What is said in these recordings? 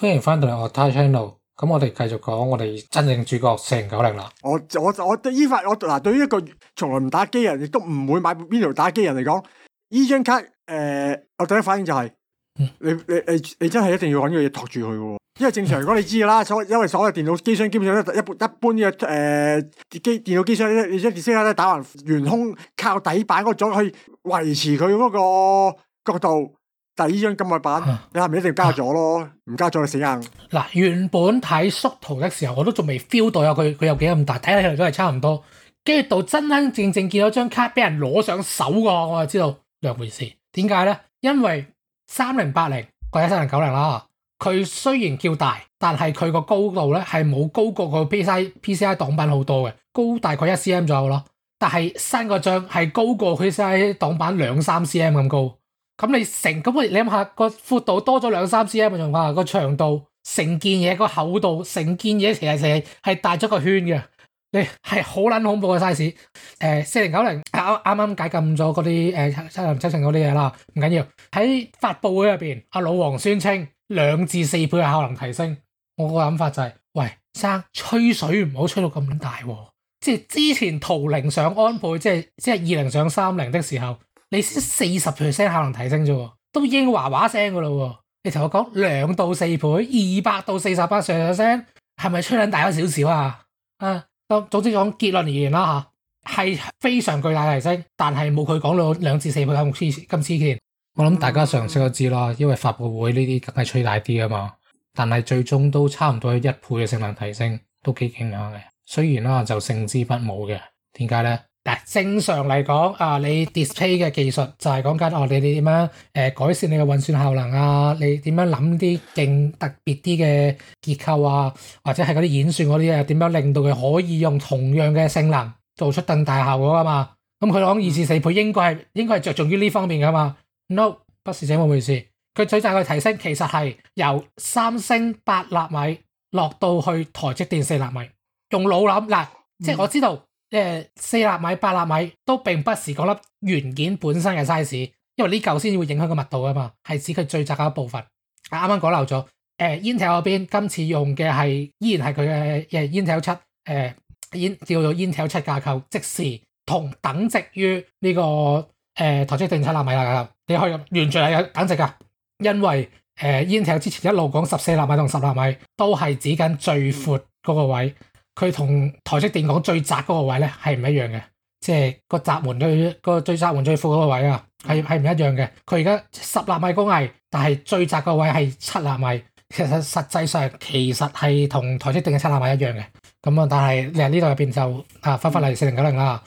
歡迎翻到嚟我 t o u c a n n e l，咁我哋繼續講我哋真正主角四零九零啦。我我我依塊我嗱，對於一個從來唔打機人，亦都唔會買電腦打機人嚟講，呢張卡誒、呃，我第一反應就係、是嗯，你你你你真係一定要揾嘢托住佢嘅，因為正常如果你知噶啦，所、嗯、因為所有電腦機箱基本上都一一般嘅誒、這個呃、機電腦機箱一一張卡都係打橫懸空靠底板嗰個角可以維持佢嗰個角度。但係呢張金幣版，啊、你係咪一定要加咗咯，唔、啊、加咗死硬！嗱，原本睇縮圖嘅時候，我都仲未 feel 到有佢，佢有幾咁大，睇起嚟都係差唔多。跟住到真真正正見到張卡俾人攞上手個，我就知道兩回事。點解咧？因為三零八零或者三零九零啦，佢雖然叫大，但係佢個高度咧係冇高過個 PCI PCI 擋板好多嘅，高大概一 CM 左右咯。但係新個張係高過佢 PCI 擋板兩三 CM 咁高。咁你成咁你諗下個闊度多咗兩三 cm，哇！個長度成件嘢，個厚度成件嘢，其實成日成係大咗個圈嘅，係好捻恐怖嘅 size。誒、呃，四零九零啱啱解禁咗嗰啲誒七零七成嗰啲嘢啦，唔、呃、緊要。喺發布會入邊，阿老王宣稱兩至四倍嘅效能提升。我個諗法就係、是，喂，生吹水唔好吹到咁大、啊，即係之前圖零上安培，即係即係二零上三零的時候。你先四十 percent 效能提升啫，都已經嘩嘩聲噶啦喎！你同我講兩到四倍，二百到四十八上上聲，係咪吹緊大咗少少啊？啊，總之講結論而言啦吓，係非常巨大提升，但係冇佢講到兩至四倍咁次咁次添。我諗大家常識都知啦，因為發布會呢啲梗係吹大啲啊嘛。但係最終都差唔多一倍嘅性能提升，都幾勁嘅。雖然啦，就勝之不武嘅，點解咧？正常嚟講，啊，你 display 嘅技術就係講緊，哦，你點樣改善你嘅運算效能啊？你點樣諗啲勁特別啲嘅結構啊？或者係嗰啲演算嗰啲點樣令到佢可以用同樣嘅性能做出更大效果啊？嘛，咁佢講二至四倍，應該係應該係着重於呢方面㗎嘛？No，不是這麼回事。佢最大嘅提升其實係由三星八納米落到去台積電四納米，用腦諗嗱，即我知道。嗯即係四納米、八納米都並不是嗰粒元件本身嘅 size，因為呢嚿先會影響個密度啊嘛，係指佢最窄嘅部分。啱啱講漏咗，誒、呃、Intel 嗰邊今次用嘅係依然係佢嘅誒 Intel 七、呃，誒 i 叫做 Intel 七架構，即時同等值於呢、這個誒、呃、台積電七納米架構，你可以用完全係等值噶，因為誒、呃、Intel 之前一路講十四納米同十納米都係指緊最闊嗰個位置。佢同台積電講最窄嗰個位咧，係唔一樣嘅，即係個閘門對，個最窄門最闊嗰個位啊，係係唔一樣嘅。佢而家十納米工藝，但係最窄個位係七納米，其實實際上其實係同台積電嘅七納米一樣嘅。咁啊，但係喺呢度入邊就啊，發翻嚟四零九零啦。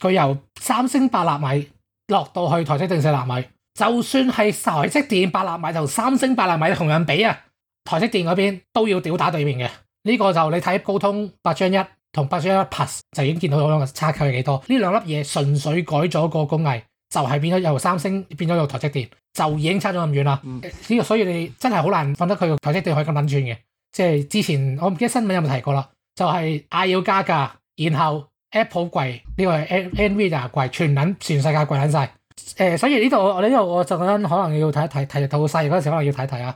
佢由三星八納米落到去台積電四納米，就算係台積電八納米，米同三星八納米同樣比啊，台積電嗰邊都要屌打對面嘅。呢、這個就你睇高通八張一同八張一 Plus 就已經見到嗰種差距係幾多？呢兩粒嘢純粹改咗個工藝，就係變咗由三星變咗由台積電，就已經差咗咁遠啦。呢個所以你真係好難分得佢台積電可以咁撚住嘅。即係之前我唔記得新聞有冇提過啦，就係要加價，然後 Apple 貴，呢個係 NVIDIA 貴，全能全世界貴撚晒。所以呢度我呢度我就可能要睇一睇，睇好細嗰陣時候可能要睇一睇啊。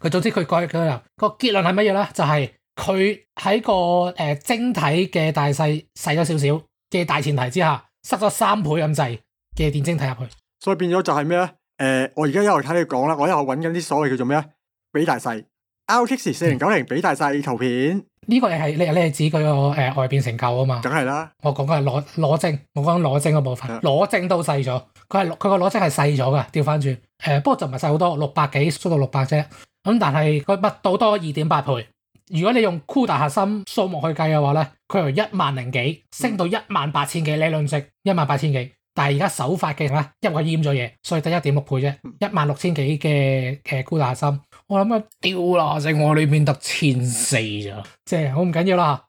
佢總之佢改佢又個結論係乜嘢咧？就係、是。佢喺個誒、呃、晶體嘅大細細咗少少嘅大前提之下，塞咗三倍咁滯嘅電晶體入去，所以變咗就係咩咧？誒、呃，我而家一路睇你講啦，我一路搵緊啲所謂叫做咩？比大細，LX 四零九零比大細圖片。呢、這個是你係你你係指佢個誒外邊成就啊嘛？梗係啦，我講嘅係裸裸晶，我講裸晶嗰部分，裸晶都細咗。佢係佢個裸晶係細咗噶，調翻轉。誒、呃，不過就唔係細好多，六百幾縮到六百啫。咁但係佢密度多二點八倍。如果你用 CUDA 核心數目去計嘅話咧，佢由一萬零幾升到一萬八千幾，理論值一萬八千幾，但係而家首發嘅咧，因為閹咗嘢，所以得一點六倍啫，一萬六千幾嘅嘅 CUDA 核心，我諗啊掉啦，了我裡面剩我呢邊得千四咋，即係好唔緊要啦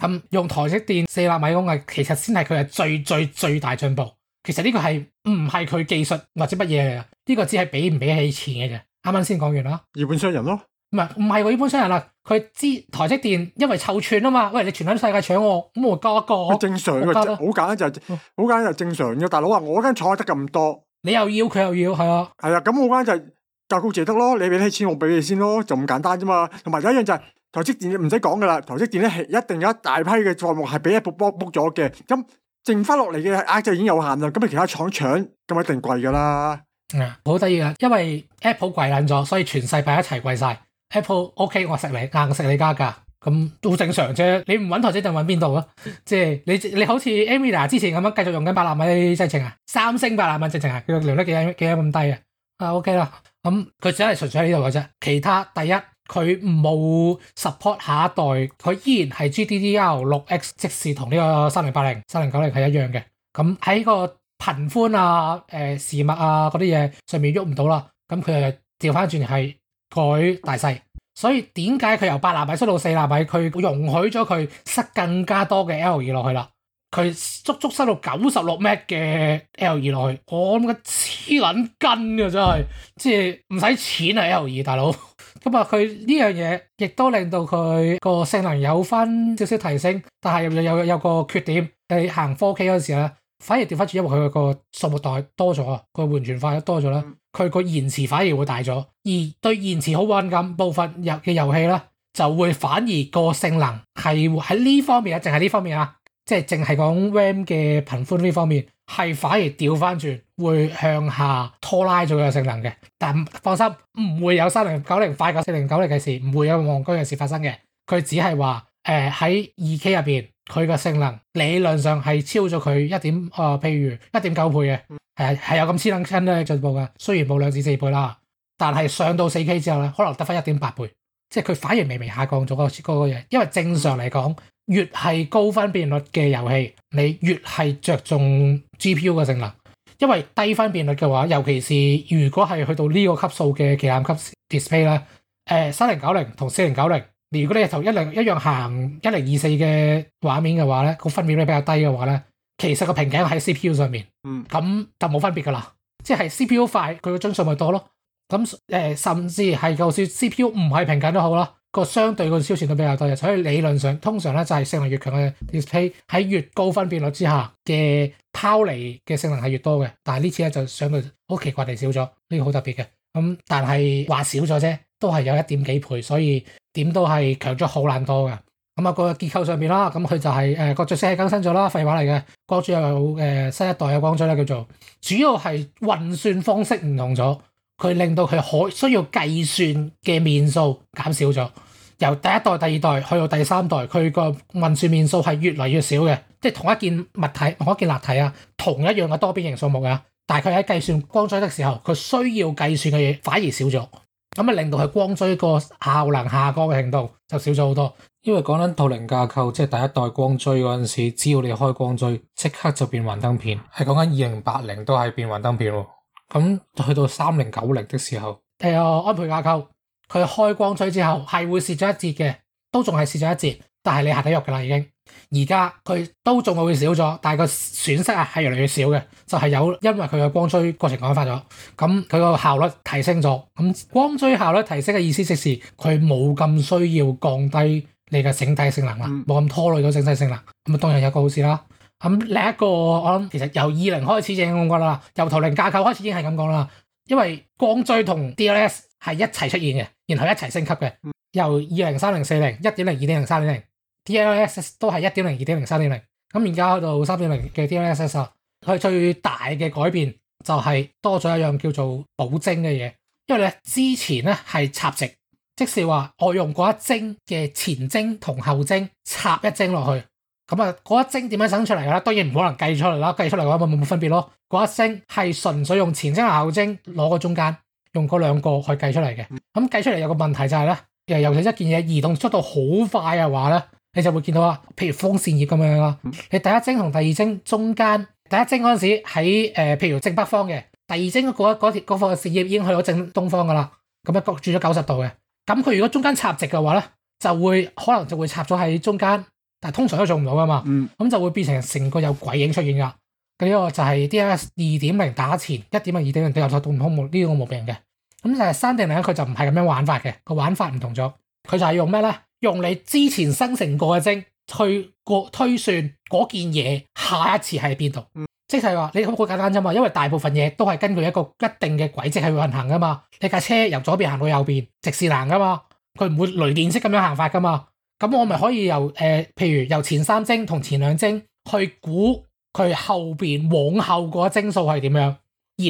吓，咁、嗯、用台積電四納米工藝，其實先係佢係最最最大進步，其實呢個係唔係佢技術或者乜嘢嚟噶，呢、這個只係畀唔畀起錢嘅啫，啱啱先講完啦，二本商人咯。唔係唔係般呢人啊，佢知道台積電因為湊串啊嘛，喂，你全喺世界搶我，咁我多一個。正常嘅，好簡單就係、是，好、哦、簡單就正常嘅。大佬話我間廠得咁多，你又要佢又要，係啊。係啊，咁我間就交股字得咯，你俾啲錢我俾你先咯，就咁簡單咋嘛。同埋一樣就係台積電唔使講噶啦，台積電咧係一定有一大批嘅項目係俾 Apple b 咗嘅，咁剩翻落嚟嘅 I 就已經有限啦，咁你其他廠搶，咁啊一定貴噶啦。啊、嗯，好得意啊，因為 Apple 貴緊咗，所以全世界一齊貴晒。Apple OK，我食你，硬食你家噶，咁都正常啫。你唔揾台積就揾邊度啊？即係你你好似 Amira 之前咁樣繼續用緊八納米製程啊，三星八納米製程啊，佢量得幾幾咁低啊？啊 OK 啦，咁、嗯、佢只係純粹喺呢度嘅啫。其他第一佢冇 support 下一代，佢依然係 GDDR6X，即係同呢個三零八零、三零九零係一樣嘅。咁、嗯、喺個頻寬啊、誒時脈啊嗰啲嘢上面喐唔到啦，咁佢又調翻轉係。佢大細，所以點解佢由八納米縮到四納米？佢容許咗佢塞更加多嘅 L 2落去啦。佢足足塞到九十六 m 嘅 L 2落去。我諗佢黐撚筋啊，真係，即係唔使錢啊！L 2大佬，咁 啊，佢呢樣嘢亦都令到佢個性能有翻少少提升，但係又有有個缺點，你行 4K 嗰陣時咧。反而調返轉，因為佢個個數目袋多咗，個緩存快多咗，佢個延遲反而會大咗。而對延遲好敏感部分遊嘅遊戲呢，就會反而個性能係喺呢方面啊，淨係呢方面啊，即係淨係講 RAM 嘅頻寬呢方面，係反而調返轉會向下拖拉咗個性能嘅。但放心，唔會有三零九零快過四零九零嘅事，唔會有黃金嘅事發生嘅。佢只係話、呃、喺二 K 入面。佢嘅性能理論上係超咗佢一點啊，譬如一點九倍嘅，係係有咁黐撚筋嘅進步嘅。雖然冇兩至四倍啦，但係上到四 K 之後咧，可能得返一點八倍，即係佢反而微微下降咗嗰個嘢。因為正常嚟講，越係高分辨率嘅遊戲，你越係着重 GPU 嘅性能。因為低分辨率嘅話，尤其是如果係去到呢個級數嘅旗艦級 display 咧、呃，誒三零九零同四零九零。如果你同一零一樣行一零二四嘅畫面嘅話咧，個分辨率比較低嘅話咧，其實個瓶頸喺 C P U 上面，咁就冇分別噶啦。即係 C P U 快，佢個增數咪多咯。咁、呃、甚至係就算 C P U 唔係瓶頸都好啦，個相對個超前都比較多嘅。所以理論上通常咧就係性能越強嘅 display 喺越高分辨率之下嘅拋離嘅性能係越多嘅。但係呢次咧就上到好奇怪地少咗，呢、這個好特別嘅。咁但係話少咗啫，都係有一點幾倍，所以。點都係強咗好難多嘅，咁、那、啊個結構上面啦，咁佢就係著色器更新咗啦，廢話嚟嘅，光追又有誒、呃、新一代嘅光追咧，叫做主要係運算方式唔同咗，佢令到佢可需要計算嘅面數減少咗，由第一代、第二代去到第三代，佢個運算面數係越嚟越少嘅，即係同一件物體、同一件立體啊，同一樣嘅多邊形數目啊，但係佢喺計算光追的時候，佢需要計算嘅嘢反而少咗。咁令到佢光追個效能下降嘅程度就少咗好多。因為講緊圖靈架構，即、就、係、是、第一代光追嗰陣時，只要你開光追，即刻就變幻燈片。係講緊二零八零都係變幻燈片喎。咁去到三零九零的時候，誒、哎，安培架構佢開光追之後係會蝕咗一截嘅，都仲係蝕咗一截，但係你下底肉㗎啦已經。而家佢都仲會少咗，但係個損失啊係越嚟越少嘅，就係、是、有因為佢嘅光追過程簡化咗，咁佢個效率提升咗，咁光追效率提升嘅意思即係佢冇咁需要降低你嘅整體性能啦，冇、嗯、咁拖累咗整體性能，咁啊當然有個好事啦。咁、嗯、另一個我諗其實由二零開始已經講過啦，由圖靈架構開始已經係咁講啦，因為光追同 DLS 係一齊出現嘅，然後一齊升級嘅，由二零、三零、四零、一點零、二點零、三點零。DLSS 都係一點零、二點零、三點零。咁而家去到三點零嘅 DLSS 啊，佢最大嘅改變就係多咗一樣叫做補幀嘅嘢。因為咧之前咧係插幀，即係話我用嗰一幀嘅前幀同後幀插一幀落去，咁啊嗰一幀點樣生出嚟咧？當然唔可能計出嚟啦，計出嚟嘅話咪冇冇分別咯。嗰一幀係純粹用前幀同後幀攞個中間，用嗰兩個去計出嚟嘅。咁計出嚟有個問題就係、是、咧，又尤其一件嘢，移動速度好快嘅話咧。你就會見到啊，譬如風扇葉咁樣啦，你第一晶同第二晶中間，第一晶嗰陣時喺誒，譬如正北方嘅，第二晶嗰、嗰個嗰條嗰個扇葉已經去到正東方噶啦，咁啊轉咗九十度嘅，咁佢如果中間插直嘅話咧，就會可能就會插咗喺中間，但係通常都做唔到噶嘛，咁就會變成成個有鬼影出現噶，呢個就係 DAS 二點零打前一點零、二點零都有套動通模呢個毛病嘅，咁但係三點零佢就唔係咁樣玩法嘅，個玩法唔同咗，佢就係用咩咧？用你之前生成過嘅幀去推算嗰件嘢下一次喺邊度，即係話你好簡單啫嘛。因為大部分嘢都係根據一個一定嘅軌跡去運行噶嘛。你架車由左邊行到右邊，直線行噶嘛，佢唔會雷電式咁樣行法噶嘛。咁我咪可以由、呃、譬如由前三幀同前兩幀去估佢後邊往後嗰個幀數係點樣，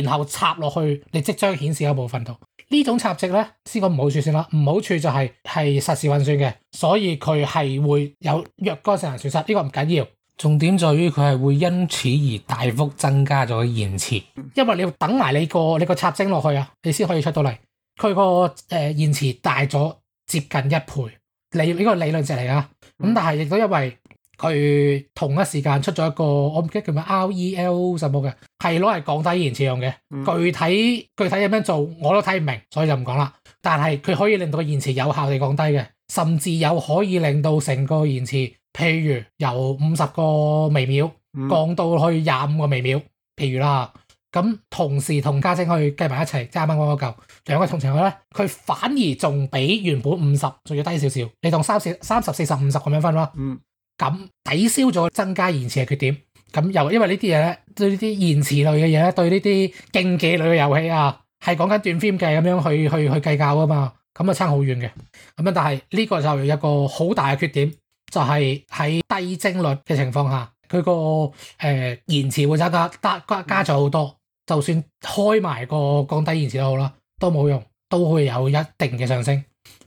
然後插落去你即將顯示嘅部分度。呢種插值咧，先講唔好處先啦。唔好處就係、係、實時運算嘅，所以佢係會有若干性能損失。呢、這個唔緊要，重點在於佢係會因此而大幅增加咗延遲、嗯，因為你要等埋你個你個插幀落去啊，你先可以出到嚟。佢個、呃、延遲大咗接近一倍，理呢個理論值嚟啊。咁但係亦都因為佢同一時間出咗一個，我唔記得叫咩 REL 什麼嘅。係攞嚟降低延遲用嘅，具體具體點樣做我都睇唔明，所以就唔講啦。但係佢可以令到延遲有效地降低嘅，甚至又可以令到成個延遲，譬如由五十個微秒降到去廿五個微秒。譬如啦，同時同家政去計埋一齊，即係啱啱講兩個兩個同程去呢，佢反而仲比原本五十仲要低少少。你同三三十四十五十咁樣分咯，咁抵消咗增加延遲嘅缺點。咁又因為呢啲嘢咧，對呢啲延遲類嘅嘢咧，對呢啲競技類嘅遊戲啊，係講緊 frame 計咁樣去去去計較啊嘛，咁啊差好遠嘅。咁樣但係呢、這個就一個好大嘅缺點，就係、是、喺低幀率嘅情況下，佢個誒延遲會增加加加咗好多。就算開埋個降低延遲都好啦，都冇用，都會有一定嘅上升。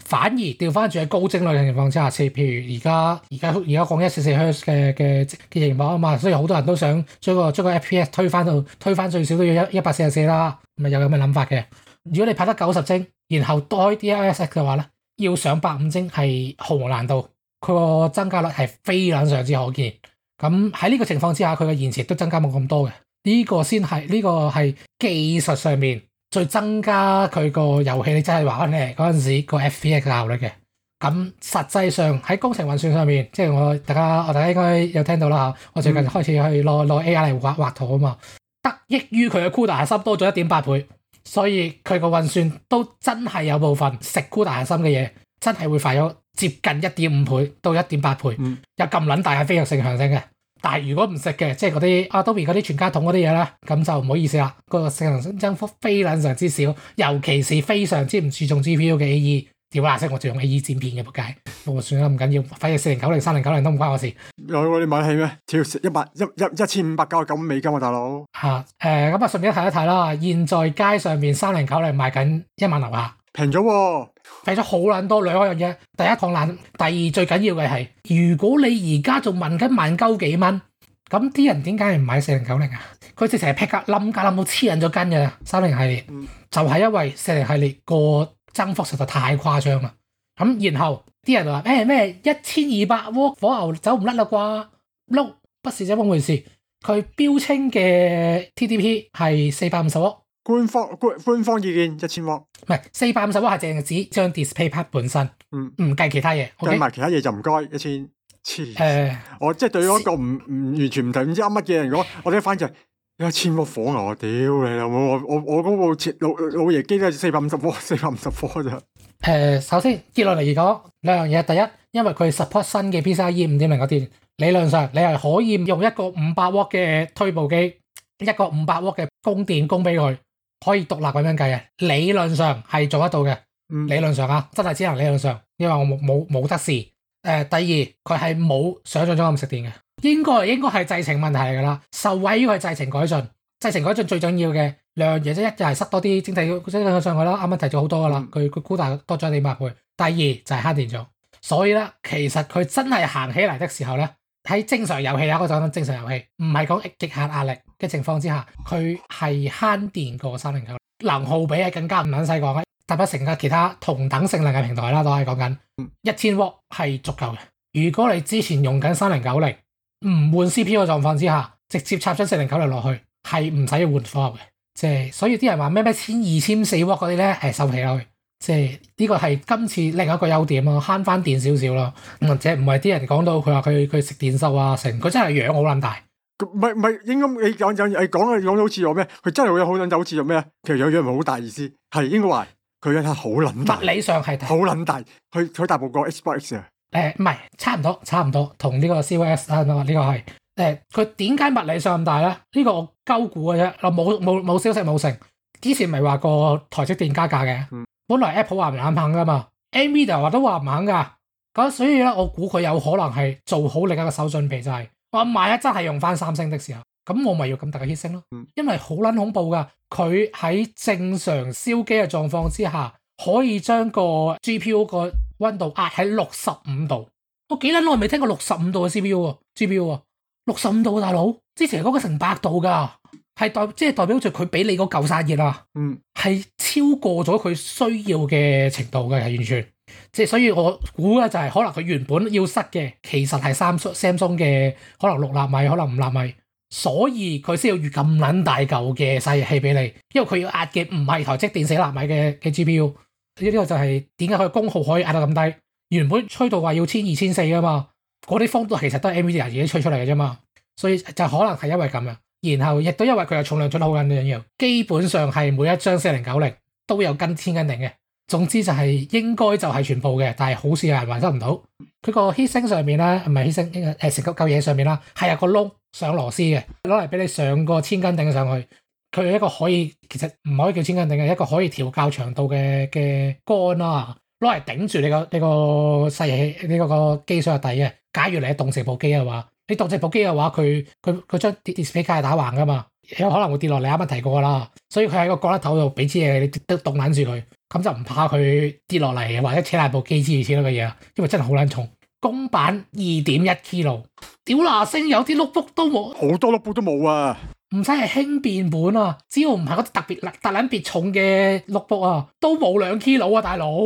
反而調翻轉喺高精率嘅情況之下，譬如而家而家而家講一四四 Hz 嘅嘅嘅螢幕啊嘛，所以好多人都想將個將個 FPS 推翻到推翻最少都要一一百四十四啦，咪又有咁嘅諗法嘅。如果你拍得九十幀然後多啲 FPS 嘅話咧，要上百五幀係毫無難度，佢個增加率係非常之可見。咁喺呢個情況之下，佢嘅延遲都增加冇咁多嘅，呢、呢個先係呢個係技術上面。再增加佢個遊戲，你真係玩咧嗰陣時個 f p a 嘅效率嘅。咁實際上喺工程運算上面，即係我大家我大家應該有聽到啦吓。我最近開始去攞攞 AI 嚟畫畫圖啊嘛，嗯，得益於佢嘅 CUDA 核心多咗一點八倍，所以佢個運算都真係有部分食 CUDA 核心嘅嘢，真係會快咗接近一點五倍到一點八倍。嗯，有咁卵大係非常性強性嘅。但如果唔食嘅，即係嗰啲 Adobe 嗰啲全家桶嗰啲嘢咧，咁就唔好意思啦。個性能增幅非常之少，尤其是非常之唔注重 GPU 嘅 A.E. 調下色，我仲用 A.E. 剪片嘅仆街。我算咗，唔緊要，反正四零九零、三零九零都唔關我事。又喎，你買嘢咩？跳一百一一一千五百九十九美金喎、啊，大佬。嚇、啊！誒咁啊，順便睇一睇啦。現在街上面三零九零賣緊一萬樓下。平咗喎，平咗好撚多兩樣嘢。第一抗冷，第二最緊要嘅係，如果你而家仲問緊萬鳩幾蚊，咁啲人點解唔買四零九零啊？佢直情係劈價冧價冧到黐人咗筋嘅三零系列，就係因為四零系列個增幅實在太誇張啦。咁然後啲人話咩咩一千二百窩火牛走唔甩啦啩？碌不是咁回事，佢標稱嘅 TDP 係四百五十瓦。官方官官方意見一千瓦，唔係四百五十瓦，係淨係指張 display pad 本身，嗯，唔計其他嘢、okay? 計埋其他嘢就唔該一千千。我即係對於一個唔唔、呃、完全唔睇，唔知啱乜嘢人講，我哋一翻就一千瓦火牛啊！我屌你老母，我我我嗰部老老爺機都係四百五十瓦，四百五十瓦啫。呃，首先接落嚟講兩樣嘢，第一，因為佢 support 新嘅 PCIe 五點零嘅電，理論上你係可以用一個五百瓦嘅推部機，一個五百瓦嘅供電供俾佢。可以獨立咁樣計嘅，理論上係做得到嘅，嗯。理論上啊，真係只能理論上，因為我冇冇冇得試。誒，呃，第二佢係冇想象中咁食電嘅，應該應該係製程問題嚟噶啦。受惠於佢製程改進，製程改進最緊要嘅兩樣嘢，即係一係塞，就是，多啲晶體管，晶體管上去啦。啱啱提咗好多噶啦，佢佢估大多咗幾百倍。第二就係，是，慳電咗，所以咧，其實佢真係行起嚟嘅時候咧，喺正常遊戲啊，我講正常遊戲，唔係講極限壓力。嘅情況之下，佢係慳電過3090，能耗比係更加唔撚細講特別成個其他同等性能嘅平台啦，都係講緊一千瓦係足夠嘅。如果你之前用緊3090唔換 CPU 嘅狀況之下，直接插張4090落去係唔使換火嘅。即係，所以啲人話咩咩千二千四瓦嗰啲咧，係收皮。啦、即係。即係呢個係今次另一個優點咯，慳翻電少少咯。或者唔係啲人講到佢話佢食電收啊成，佢真係養好撚大。唔係唔係，應該你講有講啊，講好似有咩？佢真係有好捻就好似有咩？其實有樣唔係好大意思，係應該話佢一係好捻大。物理上係好捻大，佢佢大，大過部 Xbox 啊？誒、欸，唔係，差唔多，差唔多，同呢個 c o s 啊呢、這個係誒，佢點解物理上咁大咧？呢、這個我鳩估嘅啫，我冇冇冇消息冇成。之前咪話過台積電加價嘅、嗯，本來 Apple 話唔肯噶嘛，NV 就話都話唔肯噶。咁所以咧，我估佢有可能係做好另一個手準備、就是，就係。我、啊、萬一真係用翻三星的時候，咁我咪要咁大嘅 heatsink 囉，因為好撚恐怖噶。佢喺正常燒機嘅狀況之下，可以將個 GPU 個溫度壓喺六十五度。我幾撚耐未聽過六十五度嘅 CPU 喎，GPU 啊！六十五度大佬，之前嗰個成百度㗎，係代即係、就是、代表住佢俾你嗰嚿散熱啊，係、嗯、超過咗佢需要嘅程度嘅，係完全。即係所以我估咧就係可能佢原本要塞嘅，其實係三松 Samsung 嘅可能六納米可能五納米，所以佢先要預咁撚大嚿嘅散熱器俾你，因為佢要壓嘅唔係台積電四納米嘅嘅 GPU，呢個就係點解佢功耗可以壓到咁低？原本吹到話要千二千四啊嘛，嗰啲風都其實都係 NVIDIA 自己吹出嚟嘅啫嘛，所以就可能係因為咁樣，然後亦都因為佢有重量出得好緊要，基本上係每一張四零九零都有跟千斤頂嘅。總之就係應該就係全部嘅，但係好似有人還收唔到佢個 Heatsink 上面啦，唔係 Heatsink 呢個誒成嚿嘢上面啦，係有個窿上螺絲嘅，攞嚟俾你上個千斤頂上去。佢有一個可以其實唔可以叫千斤頂嘅一個可以調校長度嘅嘅杆啦，攞嚟頂住你，你個你，這個細你，這個機箱嘅底嘅。假如你動成部機嘅話，你動成部機嘅話，佢佢佢將 display 卡打橫㗎嘛，有可能會跌落嚟，你啱啱提過啦，所以佢喺個角落頭度俾支嘢你都凍穩住佢。咁就唔怕佢跌落嚟，或者扯爛部機之類之類嘅嘢啊，因為真係好捻重。公版二點一 kilo，屌嗱聲有啲 notebook 都冇，好多 notebook 都冇啊。唔使係輕便本啊，只要唔係嗰啲特別特捻別重嘅 notebook 啊，都冇兩 kilo 啊大佬。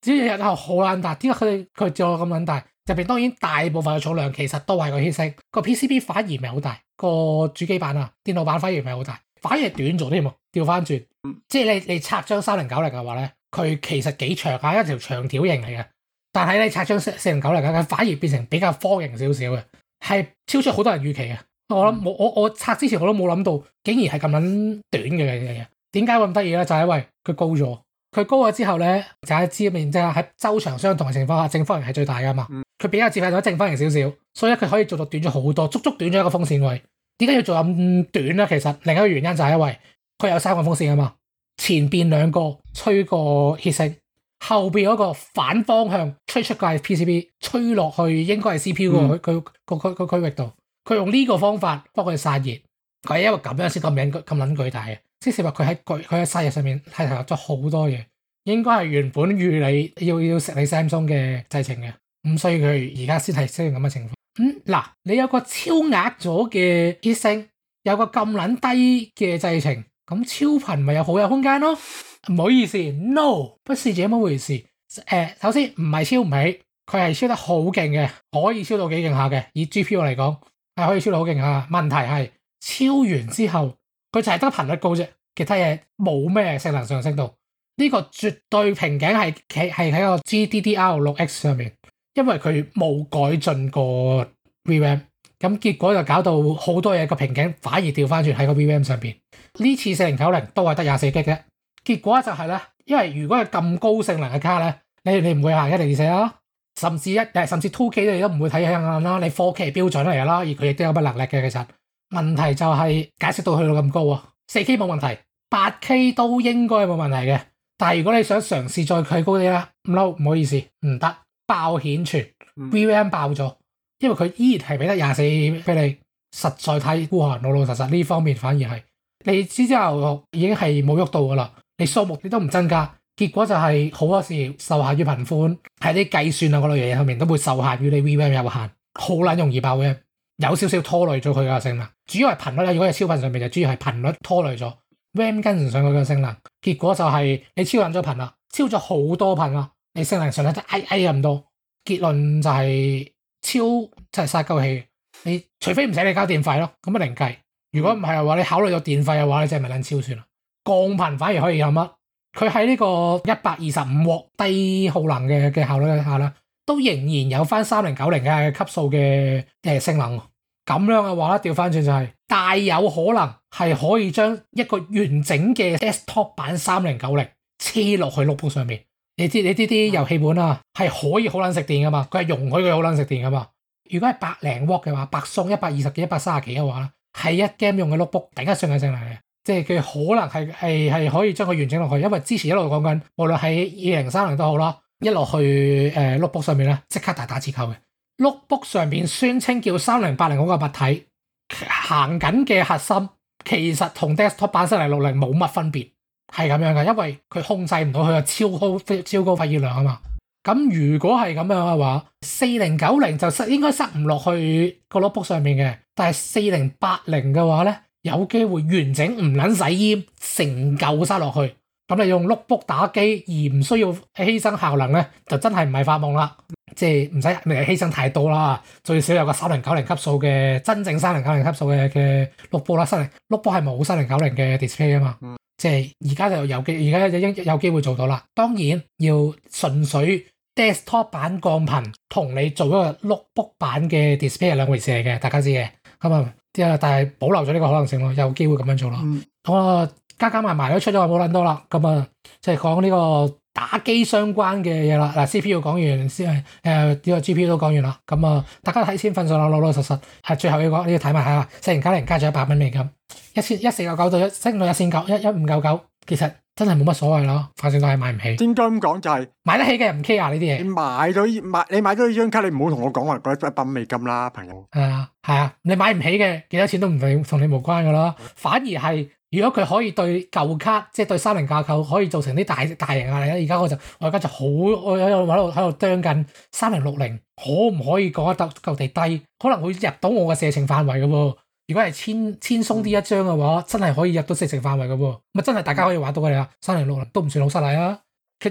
只要日後好捻大，點解佢佢做咁捻大？入邊當然大部分嘅重量其實都係個天線，個 PCB 反而唔係好大，個主機板啊電腦板反而唔係好大。反而係短咗添喎，調翻轉，即係你你拆張三零九零嘅話咧，佢其實幾長下，一條長條形嚟嘅。但係你拆張四四零九零嘅，反而變成比較方形少少嘅，係超出好多人預期嘅。我諗冇我我，我拆之前我都冇諗到，竟然係咁撚短嘅嘅嘢。點解咁得意咧？就係、是、因為佢高咗，佢高咗之後咧，就係知面即係喺周長相同嘅情況下，正方形係最大㗎嘛。佢比較接近咗正方形少少，所以佢可以做到短咗好多，足足短咗一個風扇位。而家要做咁短啦，其實另一個原因就係因為佢有三個風扇啊嘛，前邊兩個吹個熱性，後邊嗰個反方向吹出個係 PCB，吹落去應該係 CPU 佢佢個區個區域度，佢用呢個方法幫佢散熱。佢因為咁樣先個名咁撚巨大嘅，即是話佢喺佢喺散熱上面係投入咗好多嘢，應該係原本預你要要食你 Samsung 嘅製程嘅，咁所以佢而家先係出現咁嘅情況。嗯，嗱，你有個超額咗嘅熱性，有個咁撚低嘅製程，咁超頻咪有好有空間咯？唔好意思，no，不是這麼回事。誒、呃，首先唔係超唔起，佢係超得好勁嘅，可以超到幾勁下嘅。以 GPU 嚟講，係可以超到好勁下。問題係超完之後，佢就係得頻率高啫，其他嘢冇咩性能上升到。呢、這個絕對瓶頸係企係喺個 GDDR 六 X 上面。因為佢冇改進過 VRAM，咁結果就搞到好多嘢個瓶頸反而掉返轉喺個 VRAM 上邊。呢次四零九零都係得廿四 G 嘅，結果就係咧，因為如果係咁高性能嘅卡咧，你你唔會行一零二四啊，甚至一誒甚至 two K 你都唔會睇向眼啦。你 four K 係標準嚟㗎啦，而佢亦都有乜能力嘅，其實問題就係解釋到去到咁高喎，四 K 冇問題，八 K 都應該冇問題嘅。但係如果你想嘗試再佢高啲啦，唔嬲唔好意思唔得。爆顯存，VRAM 爆咗，因為佢依然係俾得廿四，俾你實在太孤寒，老老實實呢方面反而係自此之後已經係冇喐到噶啦，你數目你都唔增加，結果就係好多時受限於頻寬，喺啲計算啊嗰類嘢上面都會受限於你 VRAM 有限，好難容易爆嘅，有少少拖累咗佢嘅性能，主要係頻率，如果係超頻上面就主要係頻率拖累咗 VRAM 跟唔上佢嘅性能，結果就係你超緊咗頻啦，超咗好多頻啦。你性能上咧就矮矮咁多，結論就係超即係晒夠氣。你除非唔使你交電費咯，咁啊零計。如果唔係，話你考慮咗電費嘅話，你淨係咪諗超算啦？降頻反而可以有乜？佢喺呢個一百二十五瓦低耗能嘅嘅效率下啦，都仍然有翻三零九零嘅級數嘅嘅性能。咁樣嘅話咧，調翻轉就係、是、大有可能係可以將一個完整嘅 desktop 版三零九零黐落去 notebook 上面。你知你知啲遊戲本啊，係可以好撚食電噶嘛？佢係容許佢好撚食電噶嘛？如果係百零瓦嘅話，百送一百二十幾、一百三十幾嘅話，係一 game 用嘅 notebook，頂一上嘅性能嘅,即係佢可能係係係可以將佢完整落去，因為之前一路講緊，無論喺二零、三零都好啦，一落去誒 notebook 上面咧，即刻大打折扣嘅，notebook 上面宣稱叫三零八零嗰個物體行緊嘅核心，其實同 desktop 版三零六零冇乜分別。係咁樣噶，因為佢控制唔到佢嘅超高超高發熱量啊嘛。咁如果係咁樣嘅話，四零九零就塞應該塞唔落去個 notebook 上面嘅。但係四零八零嘅話咧，有機會完整唔撚使煙成嚿塞落去。咁你用 notebook 打機而唔需要犧牲效能咧，就真係唔係發夢啦。即係唔使你犧牲太多啦。最少有個三零九零級數嘅真正三零九零級數嘅嘅 notebook 啦，三零 notebook 係冇三零九零嘅 display 啊嘛。即係而家就有機，而家有應有機會做到啦。當然要純粹 desktop 版降頻，同你做一個 notebook 版嘅 display 係兩回事嚟嘅，大家知嘅。咁啊，啲啊，但係保留咗呢個可能性咯，有機會咁樣做咯。咁啊，加加埋埋都出咗，冇諗多啦。咁啊，即係講呢個。打機相關嘅嘢啦，嗱，C P U 講完誒呢個 G P U 都講完啦，咁啊，大家睇先瞓上啦，老老實實係、啊、最後一個你要睇埋睇下，四零九零加咗一百蚊美金，一千一四九九到一升到一千九，一一五九九，其實真係冇乜所謂咯，反正我係買唔起。應該咁講就係、是、買得起嘅唔 care 呢啲嘢。你買咗買你買咗呢張卡，你唔好同我講話嗰一百蚊美金啦，朋友。係啊係啊，你買唔起嘅幾多錢都唔同同你無關噶咯，反而係。如果佢可以對舊卡，即係對三零架構可以造成啲大大型壓力，現而家我就我而家就好，我喺度玩喺度喺度三零六零，3060, 可唔可以降一得夠地低？可能會入到我嘅射程範圍喎。如果係千,千鬆啲一張嘅話，真係可以入到射程範圍嘅喎。咪真係大家可以玩到嘅啦。三零六零都唔算好失禮啊。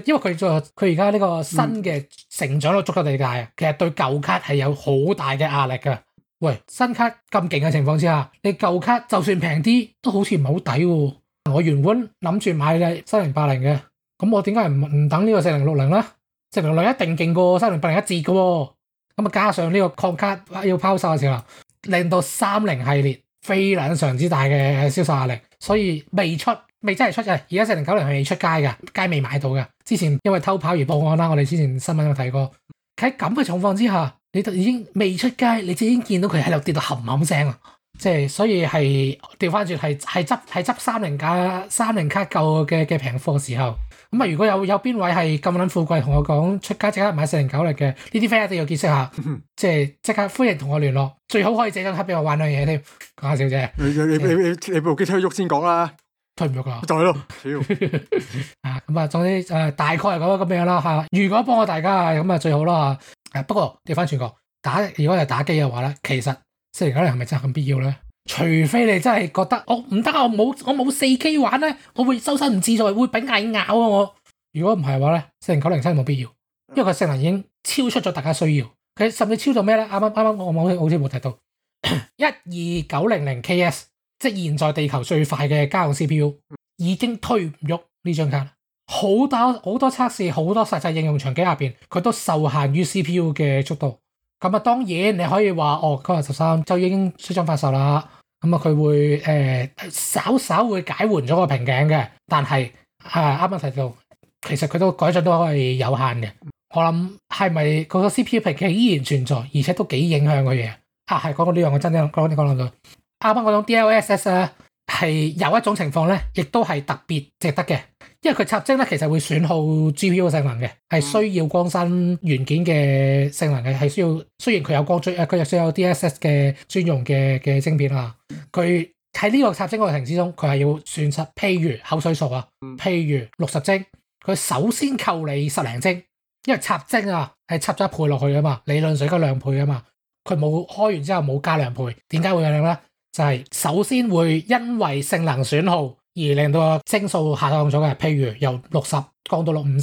因為佢現在而家呢個新嘅成長率足夠地界，其實對舊卡係有好大嘅壓力㗎。喂，新卡咁勁嘅情況之下，你舊卡就算平啲都好似唔係好抵喎。我原本諗住買嘅三零八零嘅，咁我點解唔唔等個40，呢個四零六零咧？四零六零一定勁過三零八零一折嘅喎。咁啊，加上呢個礦卡要拋售嘅時候，令到三零系列非常之大嘅銷售壓力。所以未出，未真係出嘅，而家四零九零係未出街嘅，街未買到嘅。之前因為偷跑而報案啦，我哋之前新聞有睇過。喺咁嘅情況之下。你都已經未出街，你已經見到佢喺度跌到冚冚聲啊！即、就、係、是，所以係調翻轉係係執係執三零價三零卡夠嘅嘅平貨時候，咁啊！如果有有邊位係咁捻富貴，同我講出街即刻買四零九零嘅，呢啲 friend 一定要結識下，即係即刻歡迎同我聯絡，最好可以借張卡俾我玩兩嘢添。下小姐，你、就是、你你你你部機出去喐先講啦。做咯，啊咁啊，總之誒、呃，大概係咁樣咁樣啦吓。如果幫我大家咁啊，最好啦吓。誒，不過調翻全國打，如果係打機嘅話咧，其實四零九零係咪真係咁必要咧？除非你真係覺得我唔得，我冇我冇四 K 玩咧，我會收身唔自在，會俾蟻咬啊我。如果唔係嘅話咧，四零九零真係冇必要，因為佢性能已經超出咗大家需要。佢甚至超出咩咧？啱啱啱啱，我我好似冇睇到一二九零零 KS。 即係現在地球最快嘅家用 CPU 已經推唔喐呢張卡，好多好多測試、好多實際應用場景入邊，佢都受限於 CPU 嘅速度。咁啊，當然你可以話哦，Core 十三就已經即將發售啦。咁啊，佢會誒稍稍會解緩咗個瓶頸嘅，但係啊，啱啱提到其實佢都改進都係有限嘅。我諗係咪佢個 CPU 瓶頸依然存在，而且都幾影響嘅嘢啊？係講到呢樣我真係，講你講諗到。啱啱嗰種 DLSS 咧係有一種情況咧，亦都係特別值得嘅，因為佢插精咧其實會損耗 GPU 嘅性能嘅，係需要光新元件嘅性能嘅，係需要雖然佢有光追啊，佢亦需要有 DLSS 嘅專用嘅嘅晶片啦。佢喺呢個插精過程之中，佢係要損失，譬如口水數啊，譬如六十精。佢首先扣你十零精，因為插精啊係插咗一倍落去啊嘛，理論上嗰兩倍啊嘛，佢冇開完之後冇加兩倍，點解會咁咧？就係、是、首先會因為性能損耗而令到個升數下降咗嘅，譬如由六十降到六五十，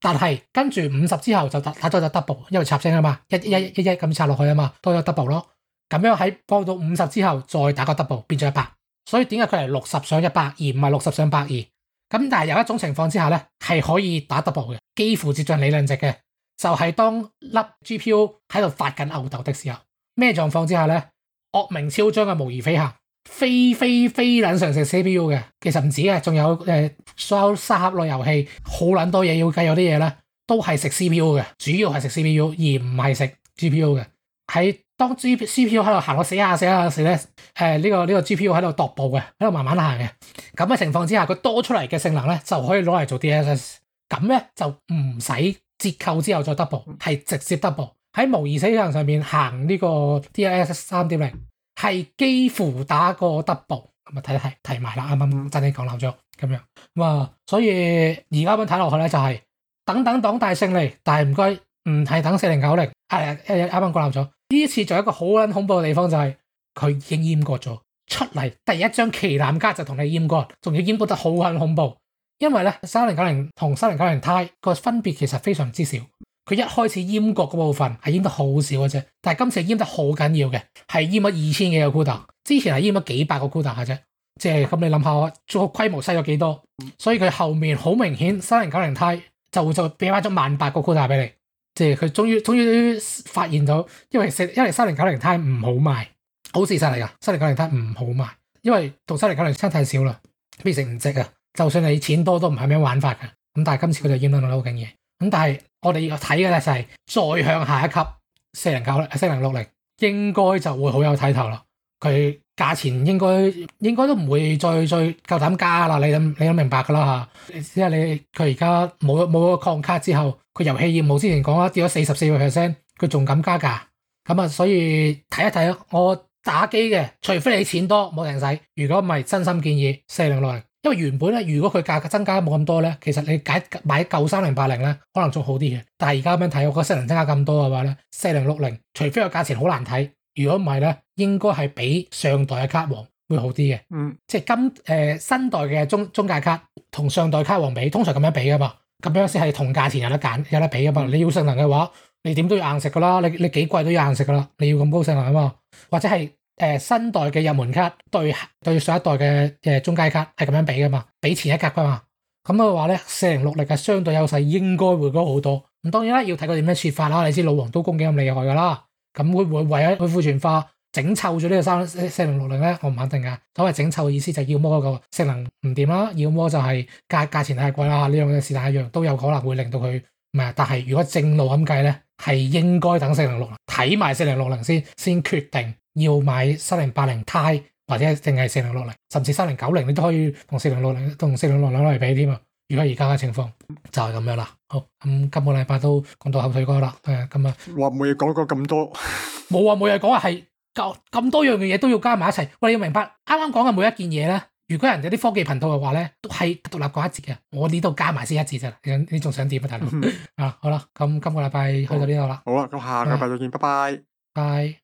但係跟住五十之後就打打咗個 double，因為插升啊嘛，一一一一咁插落去啊嘛，多咗 double 咯，咁樣喺降到五十之後再打個 double 變咗一百，所以點解佢係六十上一百而唔係六十上百二？咁但係有一種情況之下咧係可以打 double 嘅，幾乎接近理論值嘅，就係、是、當粒 GPU 喺度發緊吽哣嘅時候，咩狀況之下咧？惡名昭彰嘅模擬飛行，飛飛飛撚常食 C P U 嘅，其實唔止啊，仲有誒、呃、所有沙盒類遊戲，好撚多嘢要計有些東西，有啲嘢咧都係食 C P U 嘅，主要係食 C P U 而唔係食 G P U 嘅。喺當 G C P U 喺度行到死下死下嗰時咧，誒呢個呢個 G P U 喺度踱步嘅，喺度慢慢行嘅。咁嘅情況之下，佢多出嚟嘅性能咧就可以攞嚟做 D S S，咁咧就唔使折扣之後再 double，係直接 double。喺模擬市場上面行呢個 DLSS 三點零，係幾乎打過 double 咁啊！睇睇睇埋啦，啱啱真係講漏咗咁樣，啊，所以而家咁睇落去咧、就是，就係等等黨大勝利，但係唔該唔係等四零九零，係啱啱講漏咗。呢次仲有一個好撚恐怖嘅地方就係、是、佢已經閹割咗出嚟第一張旗艦卡就同你閹割，仲要閹割得好撚恐怖，因為咧三零九零同三零九零 Ti 個分別其實非常之少。佢一開始閹割嗰部分係淹得好少嘅啫，但係今次係淹得好緊要嘅，係淹咗二千幾個 CUDA，之前係淹咗幾百個 CUDA 嘅啫。即係咁，你諗下，做個規模細咗幾多？所以佢後面好明顯，三零九零 Ti 就就變翻咗萬八個 CUDA 俾你。即係佢終於終於發現到，因為因為三零九零 Ti 唔好賣，好事實嚟㗎，三零九零 Ti 唔好賣，因為到三零九零差太少啦，變成唔值啊！就算你錢多都唔係咩玩法㗎。咁但係今次佢就淹到好勁嘅。咁但係我哋要睇嘅咧，就係再向下一級，四零九零四零六零應該就會好有睇頭啦。佢價錢應該應該都唔會再再夠膽加啦。你諗你都明白㗎啦嚇。因為你佢而家冇冇礦卡之後，佢遊戲業務之前講啦，跌咗四十四個 percent，佢仲敢加價咁啊？所以睇一睇我打機嘅，除非你錢多冇人使，如果唔係，真心建議四零六零。4060，因為原本咧，如果佢價格增加冇咁多咧，其實你解買舊三零八零咧，可能仲好啲嘅。但係而家咁樣睇，我覺得性能增加咁多嘅話咧，四零六零，除非個價錢好難睇，如果唔係咧，應該係比上代嘅卡王會好啲嘅。嗯，即係今誒新代嘅中中介卡同上代卡王比，通常咁樣比噶嘛，咁樣先係同價錢有得揀，有得比噶嘛。你要性能嘅話，你點都要硬食噶啦，你你幾貴都要硬食噶啦。你要咁高性能啊嘛，或者係。誒，新一代嘅入門卡對對上一代嘅誒中階卡係咁樣俾噶嘛，俾前一格噶嘛，咁嘅話咧，四零六零嘅相對優勢應該會高好多。咁當然啦，要睇佢點樣設法啦。你知老王刀工幾咁厲害噶啦，咁會唔會為咗去庫存化整臭咗呢個三四零六零咧，我唔肯定噶。所謂整臭嘅意思就係要麼，嗰個性能唔掂啦，要麼就係價價錢太貴啦呢樣嘅事，但一樣都有可能會令到佢唔係。但係如果正路咁計咧，係應該等四零六零，睇埋四零六零先，先決定要買三零八零 Ti，或者淨係四零六零，甚至三零九零，你都可以同四零六零同四零六零攞嚟比添啊！如果而家嘅情況就係咁樣啦。好，咁今個禮拜都講到後腿哥啦。誒，咁 啊，話冇嘢講過咁多，冇啊，冇嘢講啊，係咁咁多樣嘅嘢都要加埋一齊。喂，你要明白啱啱講嘅每一件嘢咧。如果人家有啲科技頻道嘅話呢，都係獨立嗰一節嘅。我呢度加埋先一節啫。你你仲想點啊，大、嗯、佬？ 好啦，咁今個禮拜去到呢度啦。好了，咁下個禮拜再見，拜拜。拜。